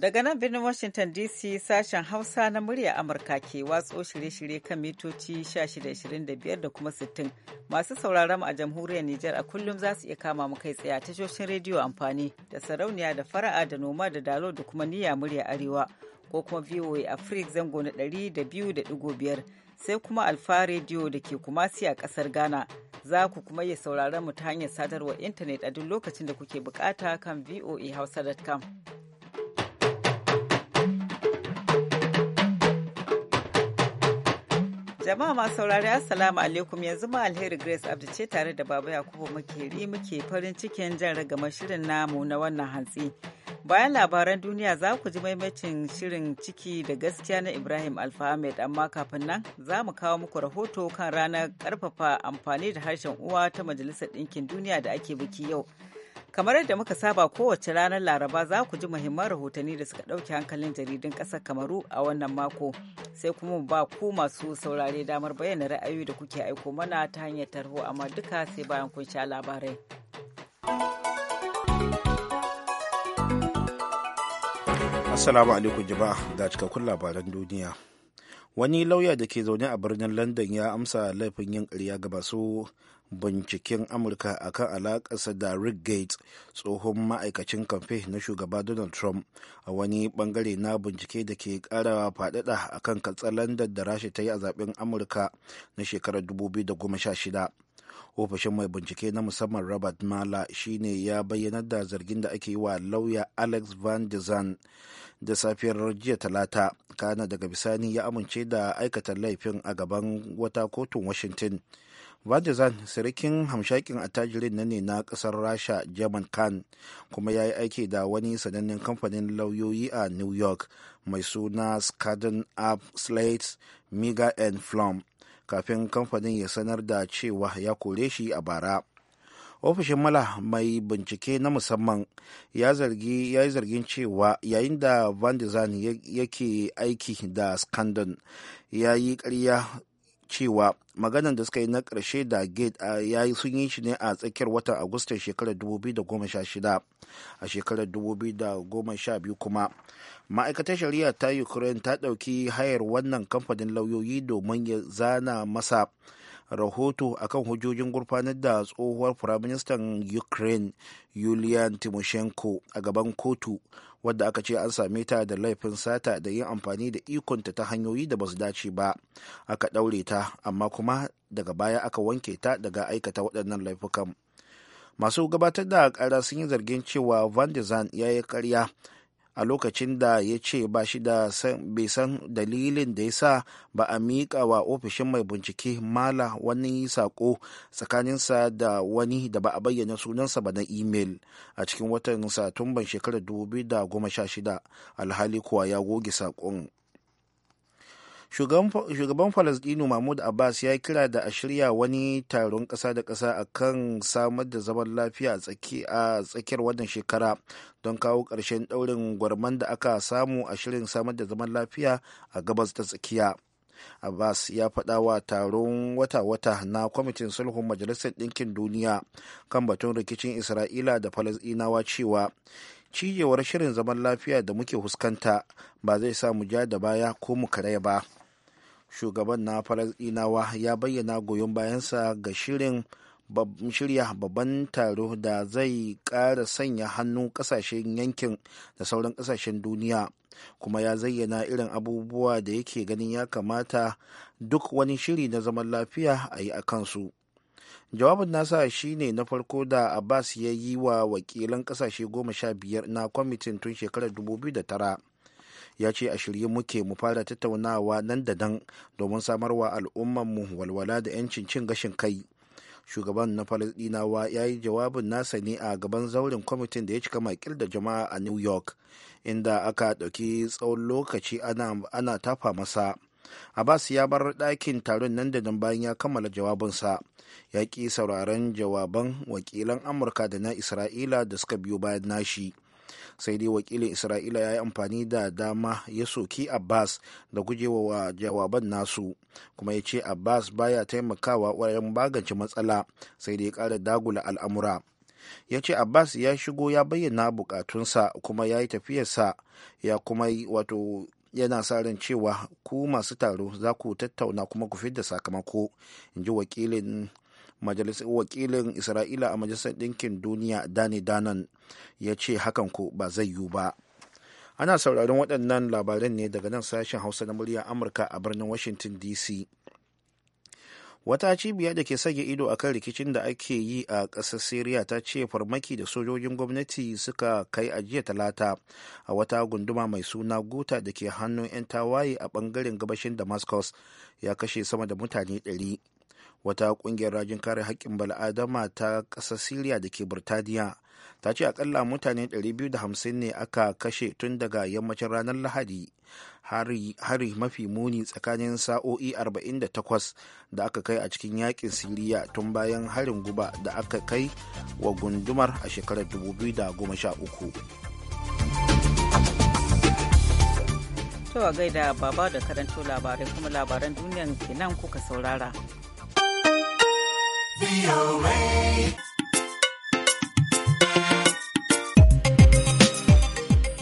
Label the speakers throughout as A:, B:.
A: Daga nan birnin Washington DC sashen Hausa na murya Amurka ke watso shirye-shirye kan mitoci 1625 da kuma 60. Masu sauraron a jamhuriyar Nijar a kullum za su iya kama mu kai tsaye a tashoshin rediyo amfani da sarauniya da fara'a da noma da dalo da kuma niyya murya arewa ko kuma VOA Africa zango na biyar sai kuma Alfa Radio da ke kumasi a kasar Ghana. Za ku kuma iya sauraron mu ta hanyar sadarwar intanet a duk lokacin da kuke bukata kan voahausa.com. Jama'a masu saurari Assalamu alaikum yanzu ma alheri Grace abdu ce tare da Baba Yakubu ri muke farin cikin jan ragama shirin namu na wannan hantsi. Bayan labaran duniya za ku ji maimacin shirin ciki da gaskiya na Ibrahim Alfahamed amma kafin nan za mu kawo muku rahoto kan ranar karfafa amfani da harshen uwa ta Majalisar Ɗinkin Duniya da ake biki yau. kamar yadda muka saba kowace ranar laraba za ku ji muhimman rahotanni da suka ɗauke hankalin jaridun ƙasar kamaru a wannan mako sai kuma ba ku masu saurare damar bayyana ra'ayoyi da kuke aiko mana ta hanyar tarho amma duka sai bayan kun sha labarai
B: assalamu alaikum jama'a da cikakkun labaran duniya wani lauya da ke zaune a birnin london ya amsa laifin yin ƙarya ga masu binciken amurka a kan alakasa da rick gates tsohon ma'aikacin kamfe na shugaba donald trump a wani bangare na bincike da ke kara faɗaɗa akan katsalandar da rasha ta yi a zaben amurka na shekarar 2016 ofishin mai bincike na musamman robert mala shine ya bayyanar da zargin da ake yi wa lauya alex van de zan da safiyar jiya talata kana daga bisani ya amince da aikata laifin a gaban wata kotun washington vadizan sirikin hamshakin attajirin na ne na kasar rasha german khan kuma ya yi aiki da wani sanannen kamfanin lauyoyi a new york mai suna skadden app slate mega and flom kafin kamfanin ya sanar da cewa ya kore shi a bara ofishin mala mai bincike na musamman ya zargi yi zargin cewa yayin da vandizan yake aiki da skandon ya yi karya cewa maganar da suka yi na ƙarshe da gate ya yi sun yi shi ne a tsakiyar watan agustan shekarar 2016 a shekarar 2012 kuma ma'aikatar shari'a ta ukraine ta ɗauki hayar wannan kamfanin lauyoyi domin ya zana masa rahoto akan hujjojin gurfanar da tsohuwar firaministan ukraine yulian timoshenko a gaban kotu wadda aka ce an same ta da laifin sata da yin amfani da ikonta ta hanyoyi da ba su dace ba aka ɗaure ta amma kuma daga baya aka wanke ta daga aikata waɗannan laifukan masu gabatar da ƙara sun yi zargin cewa van de zan ya yi karya a lokacin da ya ce ba shi da bai san dalilin da ya sa ba a miƙa wa ofishin mai bincike mala wani saƙo tsakaninsa da wani da ba a bayyana sunansa ba na imel a cikin watan satumban shekarar 2016 alhali kuwa ya goge saƙon shugaban falasdino mahmud abbas ya kira da a shirya wani taron ƙasa da ƙasa a kan samar da zaman lafiya a tsakiyar wannan shekara don kawo ƙarshen ɗaurin gwarman da aka samu a shirin samar da zaman lafiya a gabas ta tsakiya abbas ya faɗa wa taron wata-wata na kwamitin sulhun majalisar ɗinkin duniya kan batun rikicin isra'ila da falasɗinawa cewa cijewar shirin zaman lafiya da muke huskanta ba zai sa mu ja da baya ko mu karaya ba shugaban na falasɗinawa ya bayyana goyon bayansa ga shirin shirya babban taro da zai ƙara sanya hannu ƙasashen yankin da sauran ƙasashen duniya kuma ya zayyana irin abubuwa da yake ganin ya kamata duk wani shiri na zaman lafiya a yi a kansu jawabin nasa shine na farko da abbas ya yi wa wakilan ƙasashe goma sha biyar na kwamitin tun shekarar 2009 ya ce a shirye muke mu fara tattaunawa nan da nan domin samar samarwa al'ummanmu walwala da 'yancin cin gashin kai shugaban na falasdinawa ya yi jawabin nasa ne a gaban zauren kwamitin da ya cika makil da jama'a a new york inda aka ɗauki tsawon lokaci ana tafa masa abbas ya bar ɗakin taron nan da nan bayan ya kammala jawabinsa ya ƙi sauraron jawaban wakilan amurka da na isra'ila da suka biyo bayan nashi sai dai wakilin isra'ila ya yi amfani da dama ya soki abbas da gujewa jawaban nasu kuma ya ce abbas baya taimakawa wajen magance matsala sai dai kara dagula al'amura ya ce abbas ya shigo ya bayyana bukatunsa kuma ya yi tafiyarsa ya kuma wato yana sa ran cewa ku masu taro za ku tattauna kuma ku fidda sakamako in ji wakilin Majalisar wakilin isra'ila a majalisar ɗinkin duniya dani danan ya ce hakan ko ba zai yiwu ba ana sauraron waɗannan labaran ne daga nan sashen hausa na murya amurka a birnin washington dc wata cibiya da ke sage ido a kan rikicin da ake yi a ƙasar syria ta ce farmaki da sojojin gwamnati suka kai a jiya talata a wata gunduma mai suna guta da ke hannun 'yan tawaye a ɓangaren gabashin damascus ya kashe sama da mutane 100 wata kungiyar rajin kare haƙƙin bal'adama ta ƙasar siriya da ke birtaniya ta ce akalla mutane 250 ne aka kashe tun daga yammacin ranar lahadi hari mafi muni tsakanin sa'o'i 48 da aka kai a cikin yakin siriya tun bayan harin guba da aka kai wa gundumar a shekarar 2013
A: To a gaida baba da karanto labarai kuma labaran duniyan kenan kuka saurara.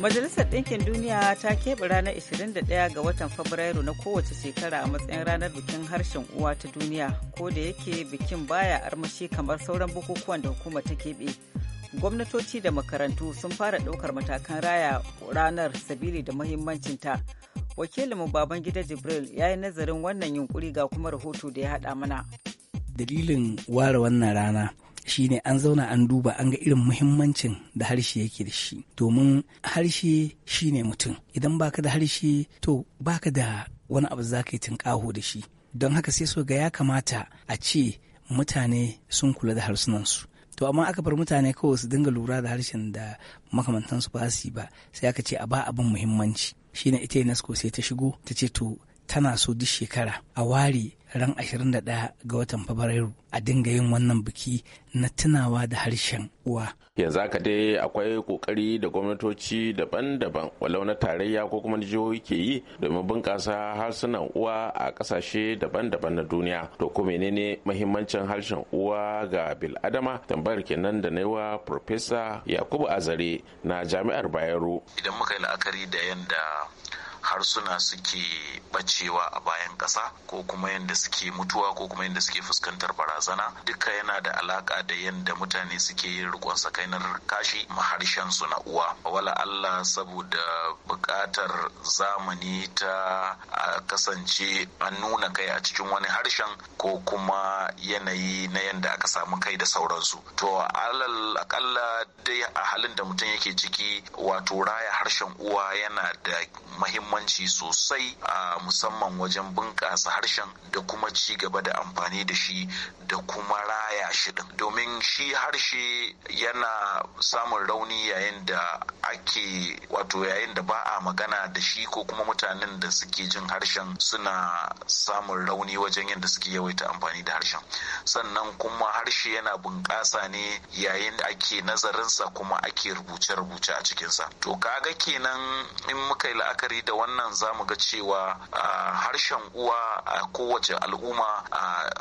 A: Majalisar Ɗinkin Duniya ta keɓe ranar 21 ga watan Fabrairu na kowace shekara a matsayin ranar bikin harshen uwa ta duniya, ko da yake bikin baya armashi kamar sauran bukukuwan da hukumar ta keɓe. Gwamnatoci da makarantu sun fara ɗaukar matakan raya ranar sabili da mahimmancinta. Wakilinmu Babangida Jibril ya yi nazarin wannan yunkuri ga kuma rahoto da ya haɗa mana.
C: dalilin ware wannan rana
A: shine an zauna an duba an ga irin muhimmancin da harshe yake da shi domin harshe shine mutum idan baka da harshe to baka da wani abu za ka yi tunƙaho da shi don haka sai so ga ya kamata a ce mutane sun kula da harsunansu to amma aka bar mutane kawai su dinga lura da harshen da makamantansu ba su yi ba sai aka ce a ba abin muhimmanci shine ita UNESCO sai ta shigo ta ce to tana so duk shekara a ware ran 21 ga watan Fabrairu a dinga yin wannan biki na tunawa da harshen uwa.
D: Yanzu haka dai akwai kokari da gwamnatoci daban-daban walau na tarayya ko kuma jihohi ke yi domin bunƙasa harsunan uwa a ƙasashe daban-daban na duniya. To ko menene mahimmancin harshen uwa ga bil'adama tambayar kenan da na wa Profesa Yakubu Azare na Jami'ar Bayero. Idan muka yi la'akari da yadda. harsuna suke bacewa a bayan ƙasa ko kuma yadda suke mutuwa ko kuma yadda suke fuskantar barazana duka yana da alaka da yadda mutane suke yin rikon sakainar kashi harshen su na uwa wala Allah saboda buƙatar zamani ta kasance an nuna kai a cikin wani harshen ko kuma yanayi na yadda aka samu kai da sauransu to akalla dai a halin da mutum yake ciki wato raya harshen uwa yana da mahimmanci muhimmanci sosai a musamman wajen bunƙasa harshen da kuma ci gaba da amfani da shi da kuma raya shi din domin shi harshe yana samun rauni yayin da ake wato yayin da ba a magana da shi ko kuma mutanen da suke jin harshen suna samun rauni wajen yadda suke yawaita amfani da harshen sannan kuma harshe yana bunƙasa ne yayin da ake nazarinsa kuma ake rubuce-rubuce a cikinsa to kaga kenan in muka yi la'akari da wannan za mu ga cewa harshen uwa a kowace al'umma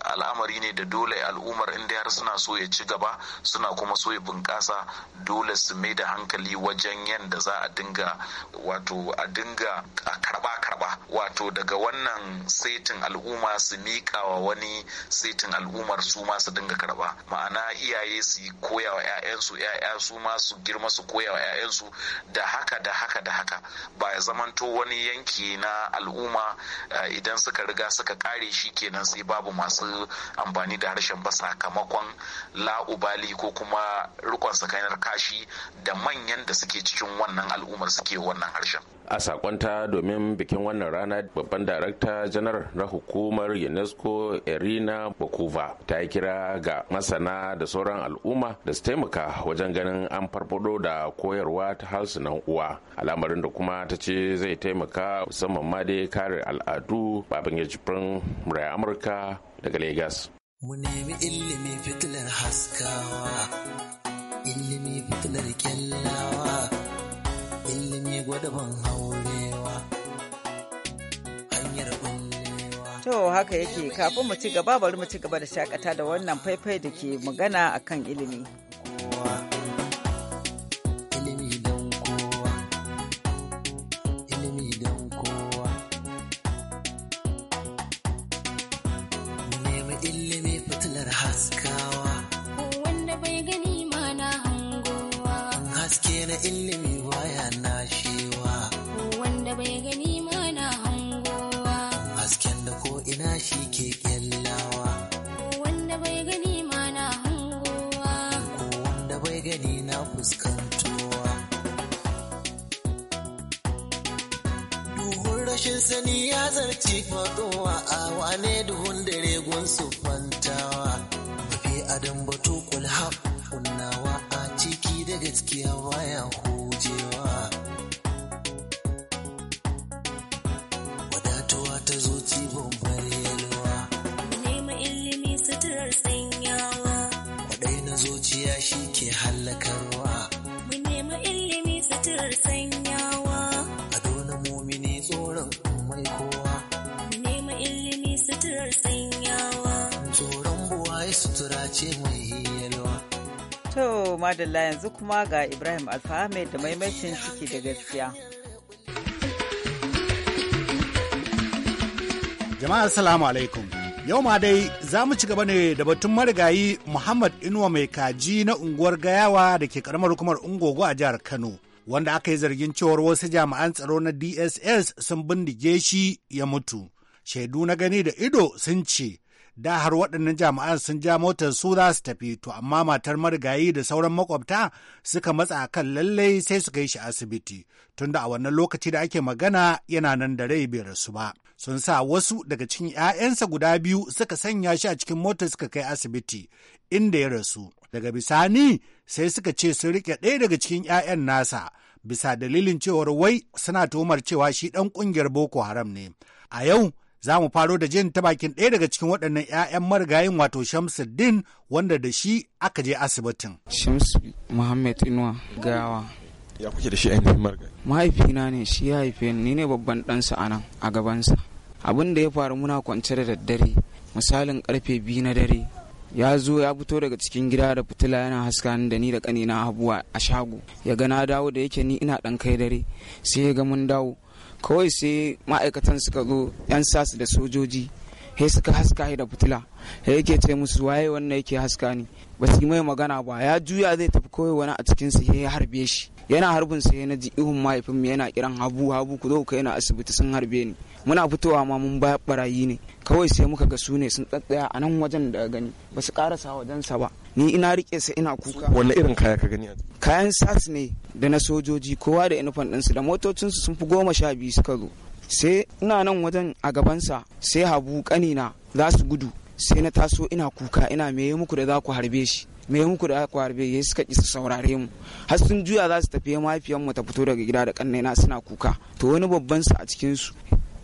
D: al'amari ne da dole al'ummar inda har suna so ya ci gaba suna kuma so ya bunƙasa dole su mai da hankali wajen yadda za a dinga wato a dinga a karba karba wato daga wannan saitin al'umma su miƙa wa wani saitin al'ummar su ma su dinga karba ma'ana iyaye su koya wa 'ya'yansu 'ya'ya su ma su girma su koya wa 'ya'yansu da haka da haka da haka ba ya zamanto wani wani yanki na al'umma eh, idan suka riga suka kare shi kenan sai babu masu amfani da harshen ba sakamakon la'ubali ko kuma rikon sakainar kashi da manyan da suke cikin wannan al'ummar suke wannan harshen a sakonta domin bikin wannan rana babban darakta janar na hukumar unesco irina bakuva ta yi kira ga masana da sauran al'umma da su taimaka wajen ganin an farfado da koyarwa ta harsunan uwa al'amarin da kuma ta ce zai taimaka musamman ma dai kare al'adu babin jifin murai amurka daga Legas.
E: mu nemi ilimi fitilar haskawa ilimi fitilar kyallawa ilimi gwadabin haurewa
A: hanyar to haka yake kafin mu ci gaba bari mu ci gaba da shakata da wannan faifai da ke magana akan
E: ilimi ilimi baya nashewa
F: wanda bai gani mana hangowa
E: hasken da ko ina shi ke kyallawa
F: wanda bai gani mana hangowa
E: ko bai gani na fuskantowa duhun rashin sani ya zarci faɗowa a wane duhun dare gun fantawa mafi adam batu kulhab kunnawa a ciki da gaskiya baya kowa 寂寞。
A: To, madalla yanzu kuma ga Ibrahim Alfahame da maimacin ciki da gaskiya.
C: Jama'a Assalamu alaikum. Yau ma dai za mu ci gaba ne da batun marigayi Muhammad Inuwa mai kaji na unguwar Gayawa da ke karamar hukumar Ungogo a jihar Kano. Wanda aka yi zargin cewar wasu jami'an tsaro na DSS sun bindige shi ya mutu. Shaidu na gani da ido sun ce da har waɗannan jami'an sun ja motar su za su tafi to amma matar marigayi da sauran makwabta suka matsa kan lallai sai su kai shi asibiti tunda a wannan lokaci da ake magana yana nan da rai bai rasu ba sun sa wasu daga cikin 'ya'yansa guda biyu suka sanya shi a cikin motar suka kai asibiti inda ya rasu daga bisani sai suka ce sun rike ɗaya daga cikin 'ya'yan nasa bisa dalilin cewar wai suna tuhumar cewa shi ɗan ƙungiyar boko haram ne a yau Za mu faro da jin ta bakin ɗaya daga cikin waɗannan 'ya'yan marigayin wato Shamsuddin wanda da shi aka je asibitin.
G: Shams Muhammad Inuwa Gawa. Ya kuke da shi ainihin marigayi? Mahaifina ne shi ya haife ni ne babban ɗansa a nan a gabansa. Abin da ya faru muna kwance da daddare misalin karfe biyu na dare ya zo ya fito daga cikin gida da fitila yana haska ni da ni da kanina abuwa a shago ya ga na dawo da yake ni ina dan kai dare sai ya ga mun dawo kawai sai ma'aikatan suka zo yan sasu da sojoji he suka haska da fitila he yake ce musu waye wannan yake haska ni ba su mai magana ba ya juya zai tafi kawai wani a cikin su ya harbe shi yana harbin sa na ji ihun mahaifin yana kiran habu habu ku zo kai na asibiti sun harbe ni muna fitowa ma mun ba barayi ne kawai sai muka ga su ne sun tsattsaya a nan wajen da gani ba su karasa wajensa ba ni ina rike sa ina kuka wanne irin kaya ka gani kayan sas ne da na sojoji kowa da inufan ɗinsu da motocinsu sun fi goma sha biyu suka zo sai ina nan wajen a gabansa sai habu kanina za su gudu sai na taso ina kuka ina me yi muku da za ku harbe shi me muku da za ku harbe ya suka su saurare mu har sun juya za su tafi mahaifiyan mu ta fito daga gida da ƙannena suna kuka to wani babban su a cikin su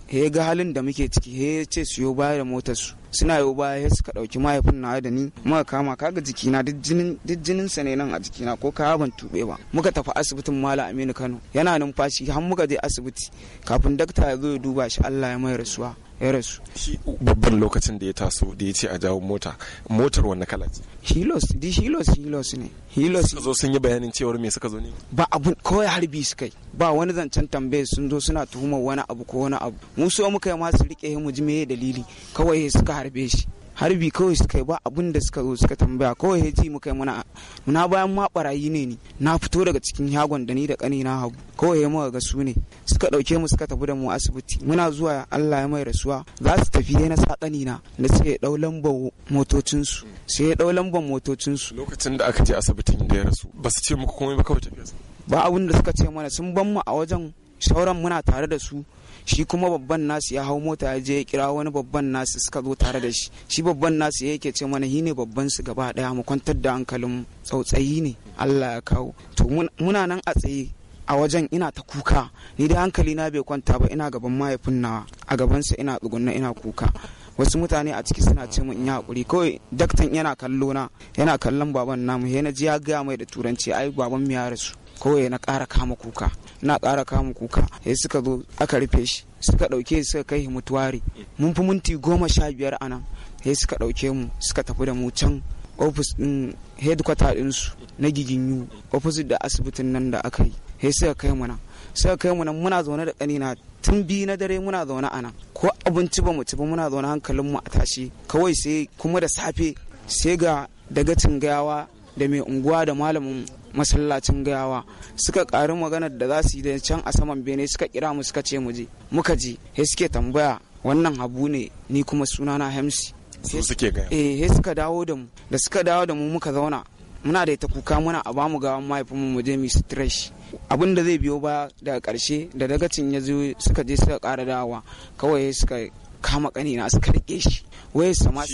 G: he ga halin da muke ciki he ce siyo baya da motarsu suna yau baya suka ɗauki mahaifin na da ni muka kama kaga jikina duk jinin sa ne nan a jikina ko kaya ban tube ba muka tafi asibitin Malam Aminu Kano yana numfashi har muka je asibiti kafin dakta ya zo ya duba shi Allah ya mai rasuwa ya rasu.
H: Shi babban lokacin da ya taso da ya ce a jawo mota, motar wani kala ce? Hilos, di Hilos Hilos ne. Hilos. Suka zo sun yi bayanin cewar me suka zo ne? Ba ko kawai harbi su kai. Ba wani
G: zancen tambaye sun zo suna tuhumar wani abu ko wani abu. Mu so muka yi masu riƙe mu ji me dalili. Kawai suka harbe shi harbi kawai suka yi ba abin da suka zo suka tambaya kawai ya ji muka yi mana na bayan ma barayi ne ni na fito daga cikin yagon da ni da kani na hagu kawai ya muka ga su ne suka dauke mu suka tafi da mu asibiti muna zuwa Allah ya mai rasuwa za su tafi dai na sa kani na da ya dau lambar motocin su sai ya dau lambar motocin su
H: lokacin da aka je asibitin da ya rasu ba
G: su ce muku komai ba kawai tafiya ba abin da suka ce mana sun ban mu a wajen sauran muna tare da su shi kuma babban nasu ya hau mota ya je ya kira wani babban nasu suka zo tare da shi shi babban nasu yake ce mana hine babban su gaba daya mu kwantar da hankalin tsautsayi ne Allah ya kawo to muna nan a tsaye a wajen ina ta kuka ni da hankali na bai kwanta ba ina gaban mahaifin nawa a gaban sa ina tsugunna ina kuka wasu mutane a ciki suna ce min ya hakuri kawai daktan yana kallo na yana kallon baban namu yana ji ya gaya mai da turanci ai baban mu ya rasu kawai na ƙara kama kuka na ƙara kama kuka sai suka zo aka rufe shi suka ɗauke suka kai mutuwari mun fi minti goma sha biyar anan. suka ɗauke mu suka tafi da mu can ofis ɗin headquarter ɗinsu na giginyu ofis da asibitin nan da aka yi sai suka kai mu nan suka kai mu nan muna zaune da ƙanina tun biyu na dare muna zaune a nan ko abinci ba mu ci ba muna zaune hankalinmu a tashi kawai sai kuma da safe sai ga dagacin gawa da mai unguwa da malamin masallacin gayawa suka ƙari maganar da za su yi can a saman bene suka kira mu suka ce mu je muka ji he suke tambaya wannan habu ne ni kuma sunana hamsi su suke gaya eh he suka dawo da mu da suka dawo da mu muka zauna muna da ita kuka muna a bamu ga mahaifinmu mu muje mu stretch abin da zai biyo ba daga karshe da dagacin ya zo suka je suka ƙara dawa kawai suka kama kanina suka rike shi waye sama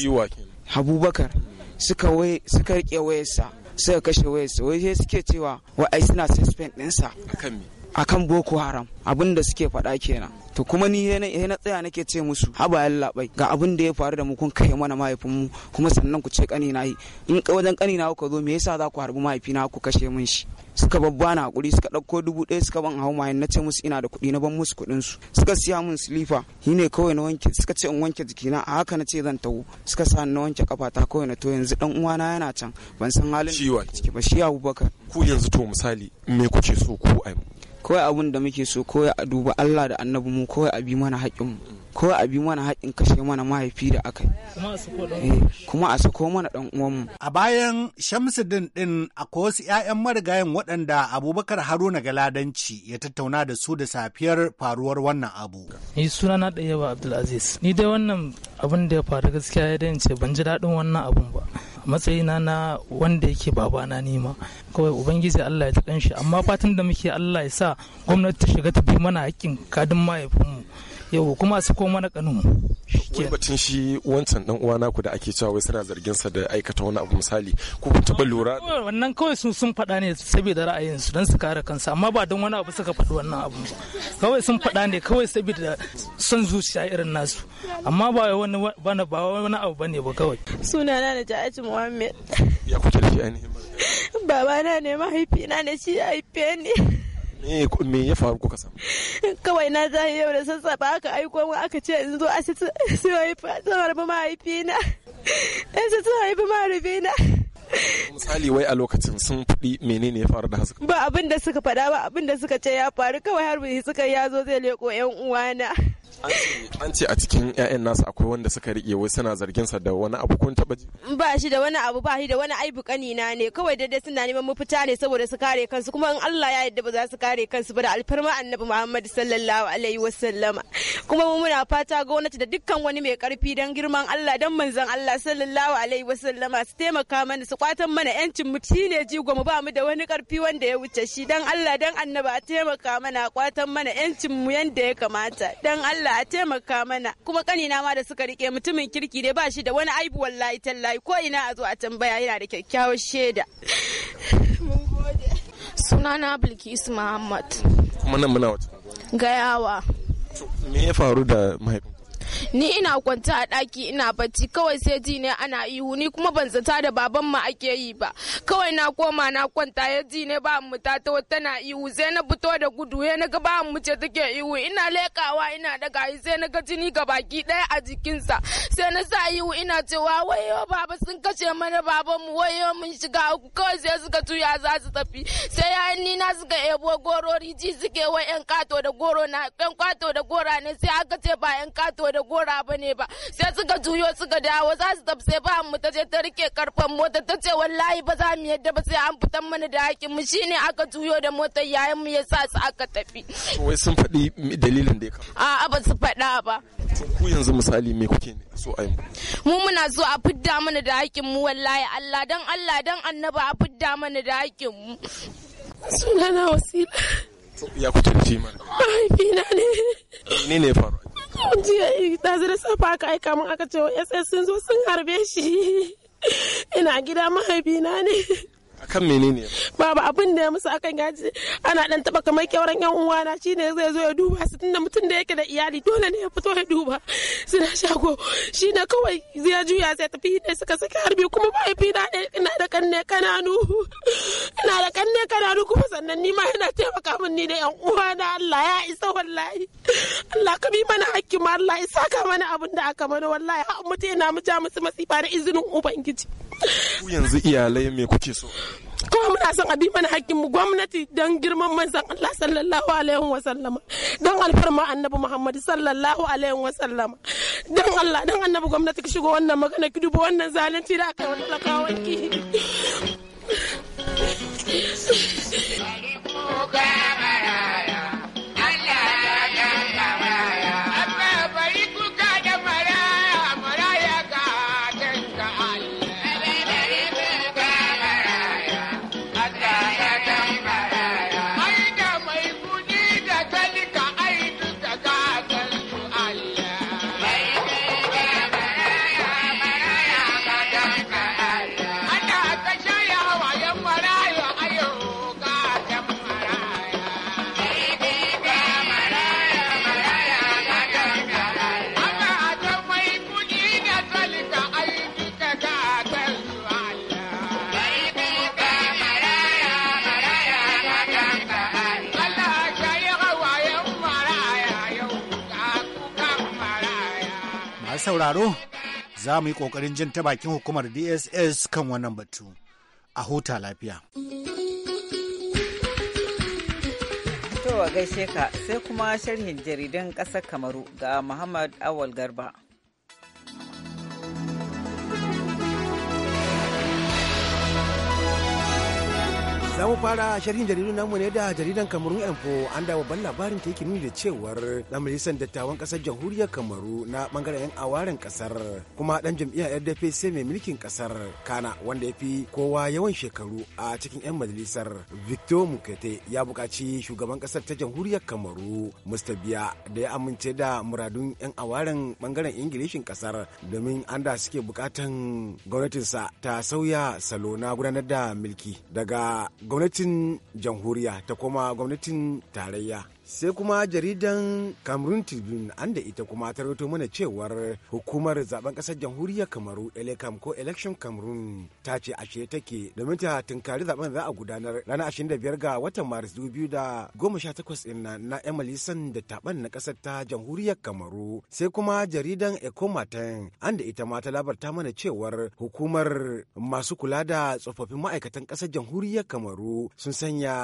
G: abubakar suka rike wayarsa suka kashe wayarsa wai sai suke cewa wa'ai suna suspend ɗinsa akan boko haram abin da suke faɗa kenan to kuma ni he na tsaya nake ce musu haba ya labai ga abin da ya faru da mu kun kai mana mahaifin mu kuma sannan ku ce kani na yi in wajen kani na ku zo me yasa za ku harbi mahaifi na ku kashe min shi suka babba na hakuri suka dauko dubu ɗaya suka ban hau mahaifin na ce musu ina da kuɗi na ban musu kuɗin su suka siya min silifa hi ne kawai na wanke suka ce in wanke jikina a haka na ce zan tawo suka sa na wanke kafata kawai na to yanzu dan uwana yana can ban san halin da ciki ba shi Abubakar
H: ku yanzu to misali me kuke so ku ai
G: kawai abin da muke so kawai a duba Allah da annabi mu kawai a bi mana haƙƙin kawai a bi mana haƙƙin kashe mana
C: mahaifi da aka yi, kuma a sako eh, mana ɗan mu A bayan Shamsuddin ɗin akwai wasu ƴaƴan marigayen waɗanda Abubakar Haruna Galadanci ya tattauna da su da safiyar faruwar wannan abu.
G: Ni suna na ɗaya ba Abdulaziz. Ni dai wannan abin da ya faru gaskiya ya dace ban ji daɗin wannan abun ba. matsayina na wanda yake babana ni ma kawai ubangiji Allah ya taɗan shi amma fatan da muke Allah ya sa gwamnati ta shiga ta bi mana haƙƙin kadin mahaifinmu yau kuma su koma na kanunmu
H: wani batun shi wancan dan uwa naku da ake cewa wai suna zargin sa da aikata wani abu misali ko kun taba lura
G: wannan kawai sun sun fada ne saboda ra'ayin su dan su kare kansu amma ba don wani abu suka faɗi wannan abu kawai sun fada ne kawai saboda son zuciya irin nasu amma ba wani bana ba wani abu bane ba kawai
I: suna na da Ja'atu Muhammad
G: ya
H: kuke da shi ainihin
I: baba na ne mahaifina ne shi ya haife ni
H: Eh, me ya faru kuka samu
I: kawai na zahi yau da sassafe aka aiko mu aka ce in zo asiti su haifi sun mahaifi na in su sun mahaifi na.
H: misali wai a lokacin sun faɗi menene ya faru da haska
I: ba abin da suka faɗa ba abin da suka ce ya faru kawai bai suka ya zo zai leko yan uwana
H: an ce a cikin 'ya'yan nasu akwai wanda suka rike wai suna zargin sa da wani abu kun taba ji
I: ba shi da wani abu ba shi da wani aibu kanina ne kawai daidai suna neman mafita ne saboda su kare kansu kuma in Allah ya yarda ba za su kare kansu ba da alfarma annabi Muhammad sallallahu alaihi wasallam kuma mu muna fata gwamnati da dukkan wani mai karfi dan girman Allah dan manzon Allah sallallahu alaihi wasallam su taimaka mana su kwatan mana yancin mu ne jigo mu ba mu da wani karfi wanda ya wuce shi dan Allah dan annabi a taimaka mana kwatan mana yancin mu yanda ya kamata dan Allah Allah a taimaka mana kuma kanina ma da suka rike mutumin kirki dai ba shi da wani aibu wallahi tallahi ko ina a zo a tambaya yana da kyakkyawar shaida
F: sunana Bilkisu Muhammad
D: kuma
H: wata
F: gayawa
H: me ya faru da mahaifin
F: ni ina kwanta a ɗaki ina bacci kawai sai ji ne ana ihu ni kuma ban zata da baban ma ake yi ba kawai na koma na kwanta ya ji ne ba mu ta ta tana ihu sai na fito da gudu ya na ga ba mu ce take ihu ina lekawa ina daga sai na ga jini ga baki ɗaya a jikinsa sai na sa ihu ina cewa wayo baba sun kashe mana baban mu wayo mun shiga uku kawai sai suka tuya za su tafi sai ya ni na suka ebo gorori ji suke wa yan kato da goro na yan kato da gora ne sai aka ce ba yan kato da da gora ba ne ba sai suka juyo suka dawo za su tafse ba mu ta je ta rike karfan mota ta ce wallahi ba za mu yadda ba sai an fitan mana da hakin mu shine aka juyo da motar yayin mu ya sa su aka tafi
H: wai sun faɗi dalilin da ya kama
F: a'a ba su faɗa ba ku yanzu
H: misali me kuke so a
F: mu muna so a fidda mana da hakin mu wallahi Allah dan Allah dan annaba a fidda mana da hakin mu sunana wasila
H: ya kuke da mana na ne ne ne faru
F: jiya ɗazu da safa aka aika mun aka ce ss sun zo sun harbe shi ina gida mahaifina ne kan menene ba abin da ya musu akan yaji ana dan taba kamar kyauran yan uwana shine zai zo ya duba su tunda mutum da yake da iyali dole ne ya fito ya duba suna shago shine kawai zai juya sai tafi da suka saki harbi kuma ba fi na ina da kanne kananu ina da kanne kananu kuma sannan ni ma yana taimaka min ni da yan uwana Allah ya isa wallahi Allah ka bi mana hakki ma Allah isa ka mana abin da aka mana wallahi har mutu na mu ja musu masifa da izinin ubangiji
H: yanzu iyalai me kuke so
F: ko muna san abi mana hakkin mu gwamnati don girman manzon Allah sallallahu alaihi wa sallama don alfarma annabi Muhammad sallallahu alaihi wa sallama don Allah don annabi gwamnati ki shigo wannan magana ki dubo wannan zalunci da aka wata wa ki ga maraya
C: sauraro za mu yi ƙoƙarin jin ta bakin hukumar dss kan wannan batu a huta lafiya
A: to a gaishe ka sai kuma sharhin jaridan ƙasar kamaru ga muhammad awal garba
J: Za mu fara sharhin jaridu namu ne da jaridan Kamarun Info an da babban labarin ta yake nuni da cewar dan majalisar dattawan kasar jamhuriyar Kamaru na bangaren yan awaren kasar kuma dan jam'iyyar dafe sai mai mulkin kasar Kana wanda ya fi kowa yawan shekaru a cikin yan majalisar Victor Mukete ya buƙaci shugaban kasar ta jamhuriyar Kamaru Mr. Biya da ya amince da muradun yan awaren bangaren Ingilishin kasar domin an da suke buƙatan gwamnatinsa ta sauya salo na gudanar da mulki daga gwamnatin jamhuriya ta kuma gwamnatin tarayya sai kuma jaridan cameroon tribune an da ita kuma ta rawaito mana cewar hukumar zaben kasar jamhuriyar kamaru elecam ko election cameroon ta ce a shirye take domin ta tunkari zaben za a gudanar ranar 25 ga watan maris 2018 din na na emalisan da taban na kasar ta jamhuriyar kamaru sai kuma jaridan ecomatan an da ita ma ta labarta mana cewar hukumar masu kula da tsofaffin ma'aikatan kasar jamhuriyar kamaru sun sanya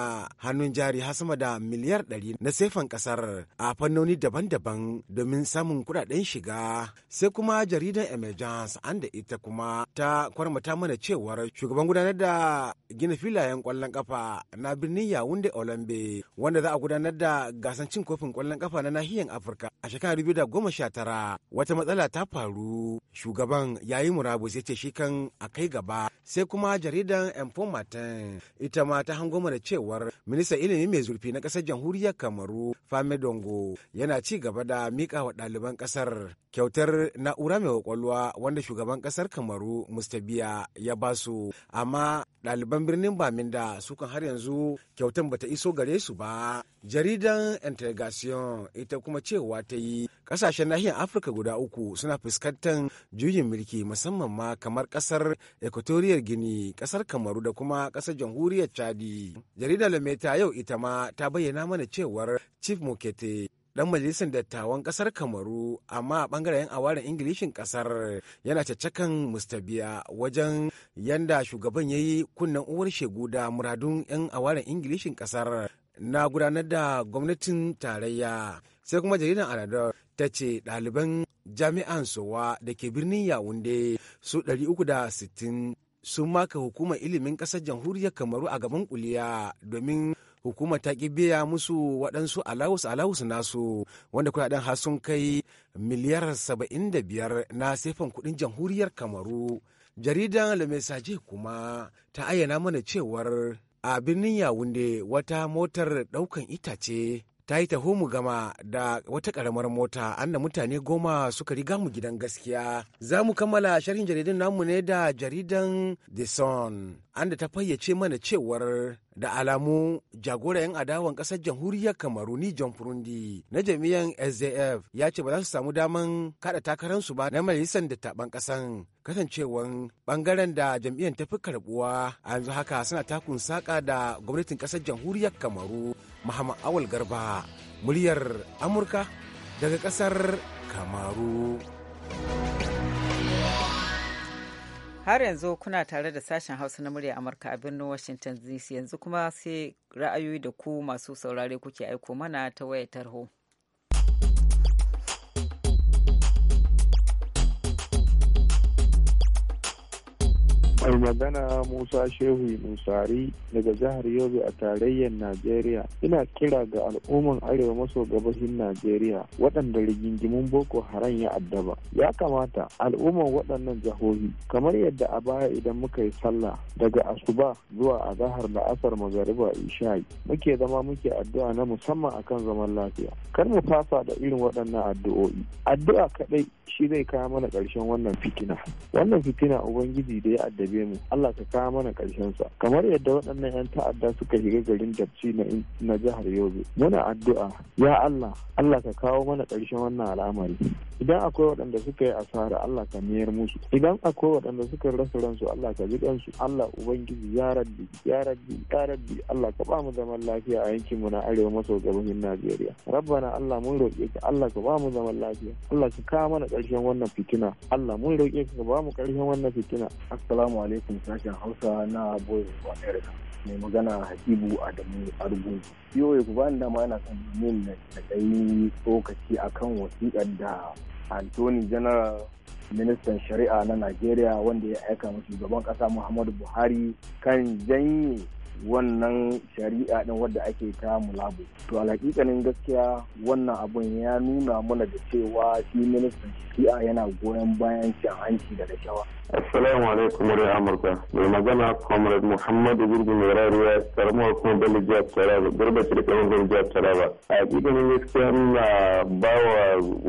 J: hannun jari har sama da miliyar ɗari na sefan kasar a fannoni daban-daban domin samun kudaden shiga sai kuma jaridar emergence an da ita kuma ta kwarmata mana cewar shugaban gudanar da gina filayen kwallon kafa na birnin yawunde olambe wanda za a gudanar da gasan cin kofin kwallon kafa na nahiyar afirka a shekarar 2019 sha tara wata matsala ta faru shugaban ya yi murabus ya ce shi kan a kai gaba sai kuma jaridar informatin ita ma ta hango mana cewar minista ilimi mai zurfi na kasar jamhuriyar kamar kamaru dongo yana ci gaba da mika wa ɗaliban ƙasar kyautar na'ura mai kwakwalwa wanda shugaban ƙasar kamaru mustabiya ya ba su amma ɗaliban birnin baminda sukan har yanzu kyautar bata iso gare su ba jaridan integration ita kuma cewa ta yi kasashen nahiyar afirka guda uku suna fuskantar juyin mulki musamman ma kamar kasar equatorial guinea kasar kamaru da kuma kasar jamhuriyar chadi jaridar lameta yau ita ma ta bayyana mana cewar chief mokete dan majalisar dattawan kasar kamaru amma a bangaren awarin ingilishin kasar yana caccakan mustabiya wajen yanda shugaban ya yi kunnen uwar shegu da muradun yan awaren ingilishin kasar na gudanar da gwamnatin tarayya sai kuma jaridar aladar ta ce ɗaliban jami'an sowa da ke birnin yawunde su 360 sun maka hukumar ilimin ƙasar jamhuriyar kamaru a gaban kuliya domin hukumar ta ki biya musu waɗansu alawus alawus nasu wanda kudaden har sun kai miliyar 75 na sefan kuɗin jamhuriyar kamaru jaridar le kuma ta ayyana mana cewar a birnin yawunde wata motar daukan itace ta yi taho mu gama da wata karamar mota anda mutane goma suka riga mu gidan gaskiya za mu kammala sharhin jaridun namu ne da jaridan the sun da ta fayyace mana cewar da alamu jagora 'yan adawan kasar jamhuriyar kamaruni john furundi na jami'an sdf ya ce ba za su samu daman kada takararsu ba na majalisar taɓan ƙasan kasancewan bangaren da jami'an ta fi karɓuwa. a yanzu haka suna takun saƙa da gwamnatin kasar jamhuriyar kamaru muhammad awal garba muryar amurka daga ƙasar kamaru.
A: Har yanzu kuna tare da sashen Hausa na murya Amurka a birnin Washington DC yanzu kuma sai ra'ayoyi da ku masu saurare kuke aiko mana ta wayar
K: tarho. Mai magana Musa Shehu Musari daga jihar Yobe a tarayyar Najeriya. Ina kira ga al'umman Arewa maso gabashin Najeriya waɗanda rigingimun Boko Haram ya addaba. Ya kamata al'umman waɗannan jihohi kamar yadda a baya idan muka yi sallah daga asuba zuwa azahar da asar magariba isha'i muke zama muke addu'a na musamman akan zaman lafiya. Kar mu fasa da irin waɗannan addu'o'i. Addu'a kaɗai shi zai kawo mana ƙarshen wannan fitina. Wannan fitina Ubangiji da ya addabi addabe mu Allah ka kawo mana ƙarshen sa kamar yadda waɗannan 'yan ta'adda suka shiga garin Dabci na jihar Yobe muna addu'a ya Allah Allah ka kawo mana ƙarshen wannan al'amari idan akwai waɗanda suka yi asara Allah ka miyar musu idan akwai waɗanda suka rasa ransu Allah ka ji kansu Allah ubangiji ya rabbi ya rabbi ya rabbi Allah ka ba mu zaman lafiya a yankin mu na arewa maso gabashin Najeriya rabbana Allah mun roƙe ka Allah ka ba mu zaman lafiya Allah ka kawo mana ƙarshen wannan fitina Allah mun roƙe ka ka ba mu ƙarshen wannan fitina assalamu alaikum sashen Hausa na boye wa America. Mai magana Hakibu Adamu Argungu. Yau ku bani dama yana kan domin na kai tsokaci akan wasiƙar da Anthony General ministan shari'a na Najeriya wanda ya aika mu shugaban ƙasa Muhammadu Buhari kan janye wannan shari'a din wadda ake ta mulabu to alhakikanin gaskiya wannan abun ya nuna mana da cewa shi ministan shari'a yana goyon bayan
J: cin hanci da rashawa
K: assalamu alaikum wa amurka mai magana comrade muhammadu gurgun yarariya karamar kuma bali jihar taraba gurbaci da jihar taraba a ƙiƙanin gaskiya na ba wa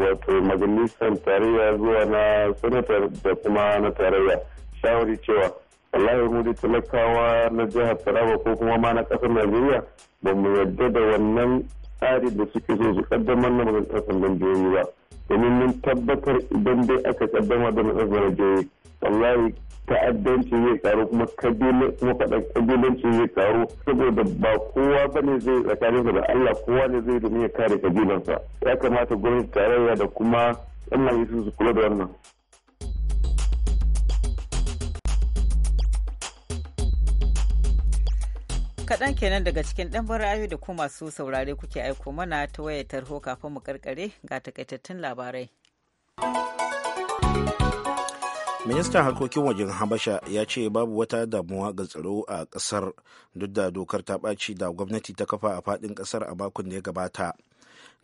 K: wato majalisar tarayya zuwa na sanatar da kuma na tarayya shawari cewa wallahi mu da talakawa na jihar taraba ko kuma ma na kasar najeriya ba mu yarda da wannan tsari da suke so su kaddamar na magantasar jambiyoyi ba domin mun tabbatar idan dai aka kaddamar da matsasar jambiyoyi wallahi ta'addanci zai karu kuma kuma faɗan zai karu saboda ba kowa ba ne zai tsakanin da allah kowa ne zai domin ya kare kabilansa ya kamata gwamnati tarayya da kuma yan majalisun su kula da wannan.
A: kaɗan kenan daga cikin ɗan ra'ayoyi da ku masu saurare kuke aiko mana ta wayar tarho kafin mu karkare ga takaitattun labarai.
B: ministan harkokin wajen habasha ya ce babu wata damuwa ga tsaro a ƙasar duk da dokar ta ɓaci da gwamnati ta kafa a faɗin ƙasar a makon da ya gabata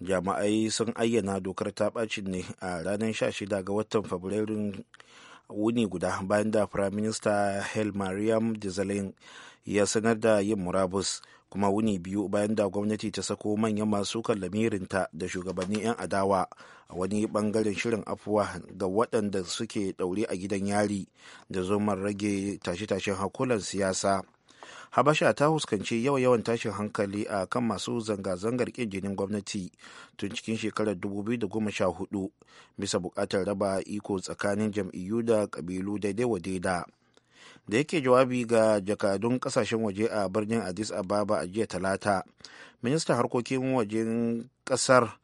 B: jama'ai sun ayyana dokar ta ɓaci ne a ranar 16 ga watan fabrairun wuni guda bayan da firaminista hel mariam ya sanar da yin murabus kuma wuni biyu bayan da gwamnati ta sako manyan masu kallamirinta da shugabannin 'yan adawa a wani bangaren shirin afuwa ga waɗanda suke ɗaure a gidan yari da zomar rage tashe-tashen hakulan siyasa habasha ta huskanci yawa-yawan tashin hankali a kan masu zanga-zangar ƙin jinin gwamnati tun cikin shekarar 2014 bisa buƙatar raba iko tsakanin jam'iyyu da ƙabilu daidai wa daida da yake jawabi ga jakadun kasashen waje a birnin addis ababa a jiya talata ministan harkokin wajen kasar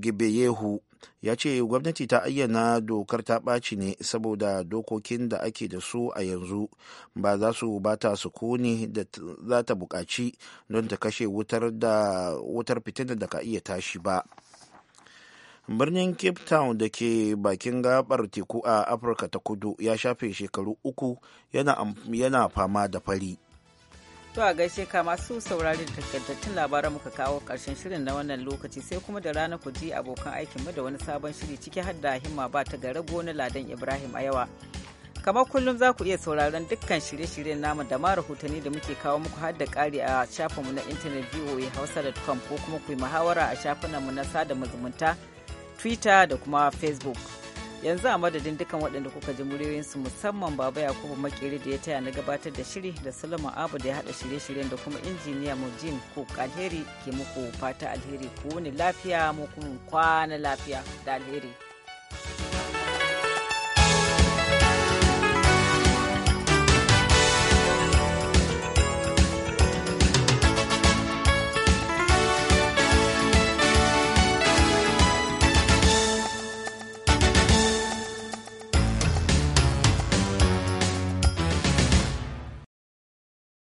B: gibeyehu ya ce gwamnati ta ayyana dokar ta ɓaci ne saboda dokokin da ake da su a yanzu ba za su bata sukuni da za ta buƙaci don ta kashe wutar fitinar da ka iya tashi ba. birnin cape town da ke bakin gabar teku a afirka ta kudu ya shafe shekaru uku yana fama da fari
A: To a gaishe ka masu saurari da takardattun labaran muka kawo karshen shirin na wannan lokaci sai kuma da rana ku ji abokan aikinmu da wani sabon shiri ciki har da himma ba ta gara na ladan Ibrahim a yawa. Kamar kullum za ku iya sauraron dukkan shirye-shiryen namu da ma rahotanni da muke kawo muku har da ƙari a shafinmu na intanet hausa.com ko kuma ku yi muhawara a shafinanmu na sada mazumunta twitter da kuma facebook yanzu a madadin dukkan waɗanda kuka ji muryoyinsu musamman baba yakubu makeri da ya taya na gabatar da shiri da salama abu da ya haɗa shirye-shiryen da kuma injiniya mujin cook alheri ke muku fata alheri ku wani lafiya mu kuma kwana lafiya da alheri.